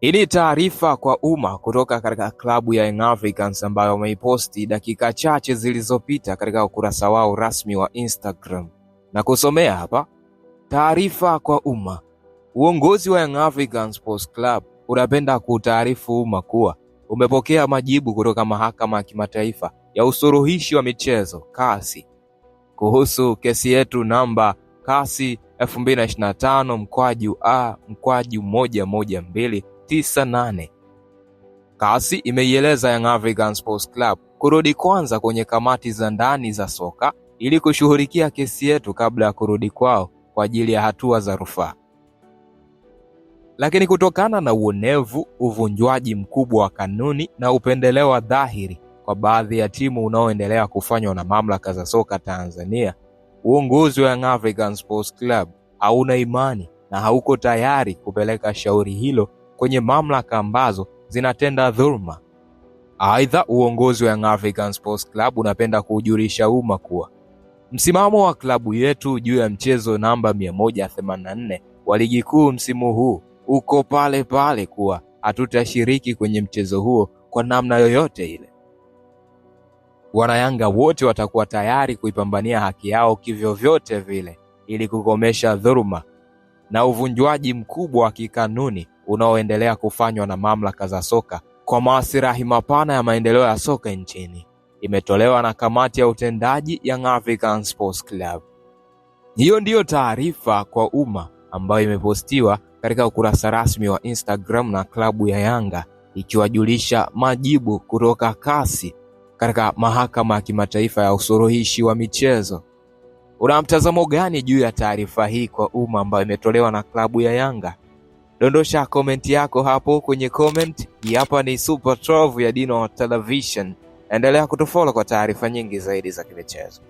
Hii ni taarifa kwa umma kutoka katika klabu ya Young Africans ambayo wameiposti dakika chache zilizopita katika ukurasa wao rasmi wa Instagram na kusomea hapa. Taarifa kwa umma. Uongozi wa Young Africans Sports Club unapenda kuutaarifu umma kuwa umepokea majibu kutoka mahakama ya kimataifa ya usuluhishi wa michezo kasi kuhusu kesi yetu namba kasi 2025 mkwaju a mkwaju 112 tisa nane. imeieleza Young Africans Sports Club kurudi kwanza kwenye kamati za ndani za soka ili kushughulikia kesi yetu kabla ya kurudi kwao kwa ajili ya hatua za rufaa. Lakini kutokana na uonevu, uvunjwaji mkubwa wa kanuni na upendeleo wa dhahiri kwa baadhi ya timu unaoendelea kufanywa na mamlaka za soka Tanzania, uongozi wa Young Africans Sports Club hauna imani na hauko tayari kupeleka shauri hilo kwenye mamlaka ambazo zinatenda dhuluma. Aidha, uongozi wa Young African Sports Club unapenda kuujulisha umma kuwa msimamo wa klabu yetu juu ya mchezo namba 184 wa ligi kuu msimu huu uko pale pale, kuwa hatutashiriki kwenye mchezo huo kwa namna yoyote ile. Wanayanga wote watakuwa tayari kuipambania haki yao kivyovyote vile, ili kukomesha dhuluma na uvunjwaji mkubwa wa kikanuni unaoendelea kufanywa na mamlaka za soka kwa maasirahi mapana ya maendeleo ya soka nchini. Imetolewa na kamati ya utendaji ya African Sports Club. Hiyo ndiyo taarifa kwa umma ambayo imepostiwa katika ukurasa rasmi wa Instagram na klabu ya Yanga ikiwajulisha majibu kutoka kasi katika mahakama ya kimataifa ya usuluhishi wa michezo. Una mtazamo gani juu ya taarifa hii kwa umma ambayo imetolewa na klabu ya Yanga? dondosha komenti yako hapo kwenye comment. Hii hapa ni Super 12 ya Dino Television. Endelea kutufollow kwa taarifa nyingi zaidi za kimichezo.